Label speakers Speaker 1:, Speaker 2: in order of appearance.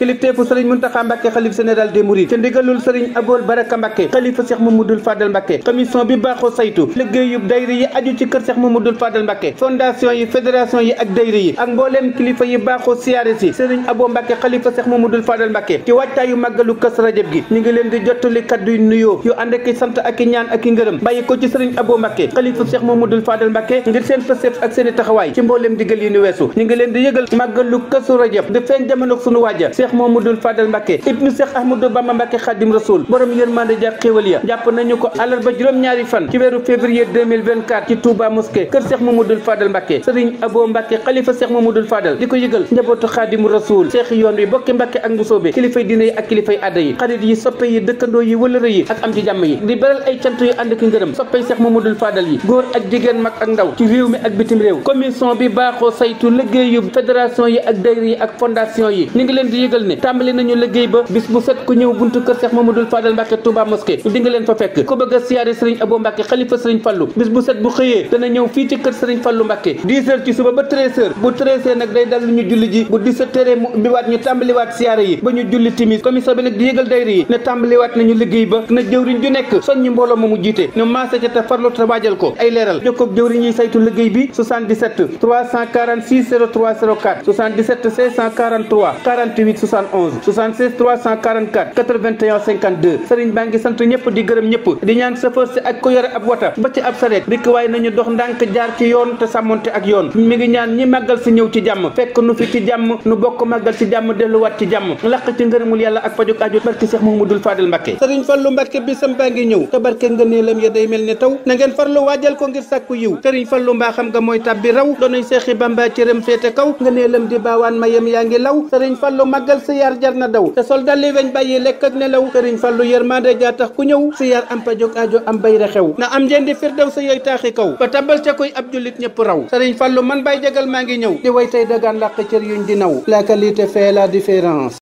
Speaker 1: kilifteefu sëriñ Muntaxa Mbàkke xalif général des Mourides ca ndigalul sëriñ Abool Baraka Mbàkke xalifa Cheikh Mamadou Fadal Mbàkke commission bi baaxoo saytu liggéeyub dayre yi aju ci kër Cheikh Mamadou Fadal Mbàkke fondation yi fédération yi ak dayre yi ak mbooleem kilifa yi baaxoo siyaare si sëriñ Abo Mbàkke xalifa Cheikh Mamadou Fadal Mbàkke ci waajtaayu màggalu Kazu Rajab gi ñu ngi leen di jottali kaddu yu nuyoo yu ànd ak sant ak ñaan ak ngërëm bàyyi ko ci sëriñ Abo Mbàkke xalifa Cheikh Mamadou Fadal Mbàkke ngir seen pësëf ak seen i taxawaay ci mbooleem digal yi ñu weesu ñu ngi leen di yëgal màggalu Kazu Rajab di feeñ jamono sunu waaja cheikh mamadul fadal mbàkke ibnu cheikh ahmadou bamba mbàkke xadim rasul borom yërmande ja xéwal ya jàpp nañu ko àllarba juróom-ñaari fan ci weeru février 2024 ci touba mosquée kër cheikh mamadul fadal mbàkke sëriñ abo mbàkke xalifa cheikh mamadul fadal di ko yëgal njabootu xaadimu rasul cheikh yoon wi bokki mbàkke ak mbusoobe kilifay diine yi ak kilifay adda yi xarit yi soppe yi dëkkandoo yi wëlëre yi ak am ci jàmm yi di beral ay cant yu ànd ki ngërëm soppey cheikh mamadul fadal yi góor ak jigéen mag ak ndaw ci réew mi ak bitim réew commission bi baaxoo saytu liggéeyu fédération yi ak dayre yi ak fondation yi ñu ngi leen di yëgal tàmbali nañu liggéey ba bis bu set ku ñëw buntu kër Cheikh Mamadou Fadal Mbacke Touba mosquée di nga leen fa fekk ku bëgg siyaare Serigne Abo Mbacke xalifa Serigne Fallu bis bu set bu xëyee dana ñëw fii ci kër Serigne Fallu Mbacke 10 ci suba ba 13 bu 13 nag day dal ñu julli ji bu 17 heures mu ubbiwaat ñu tàmbaliwaat siyaare yi ba ñu julli timis commissaire bi nag di yëgal dayri yi ne tàmbaliwaat nañu liggéey ba na jëwriñ ju nekk soññi ma 71 76 344 81 52 sëriñ baa ngi sant ñëpp di gërëm ñëpp di ñaan sëfër si ak ko yore ab wata ba ci ab sareet rikk waaye nañu dox ndànk jaar ci yoon te sàmmonte ak yoon mi ngi ñaan ñi màggal si ñëw ci jàmm fekk nu fi ci jàmm nu bokk màggal si jàmm delluwaat ci jàmm laq ci ngërëmul yàlla ak fajuk aju barki Cheikh Mouhamadoul Fadel Mbacké sëriñ Fallu Mbacké bisam baa ngi ñëw te barke ngëneelam ya day mel ne taw na ngeen farlu waajal ko ngir sàkku yiw sëriñ Fallu mbaa xam nga mooy tàbbi raw doonuy Seexi Bamba cëram kaw di mayam law Fallu dal siyaar jar na daw te sol dali weñ bàyyi lekk ak nelaw sëriñ Fallu yërmande daa tax ku ñëw siyaar am pajog ajo am bayre xew na am di njëndi firdaw sa yooy taaxi kaw ba tabal ca koy ab jullit ñëpp raw sëriñ Fallu man bay jagal maa ngi ñëw di way tey dagaan làq cër yuñ di naw la qualité fait la différence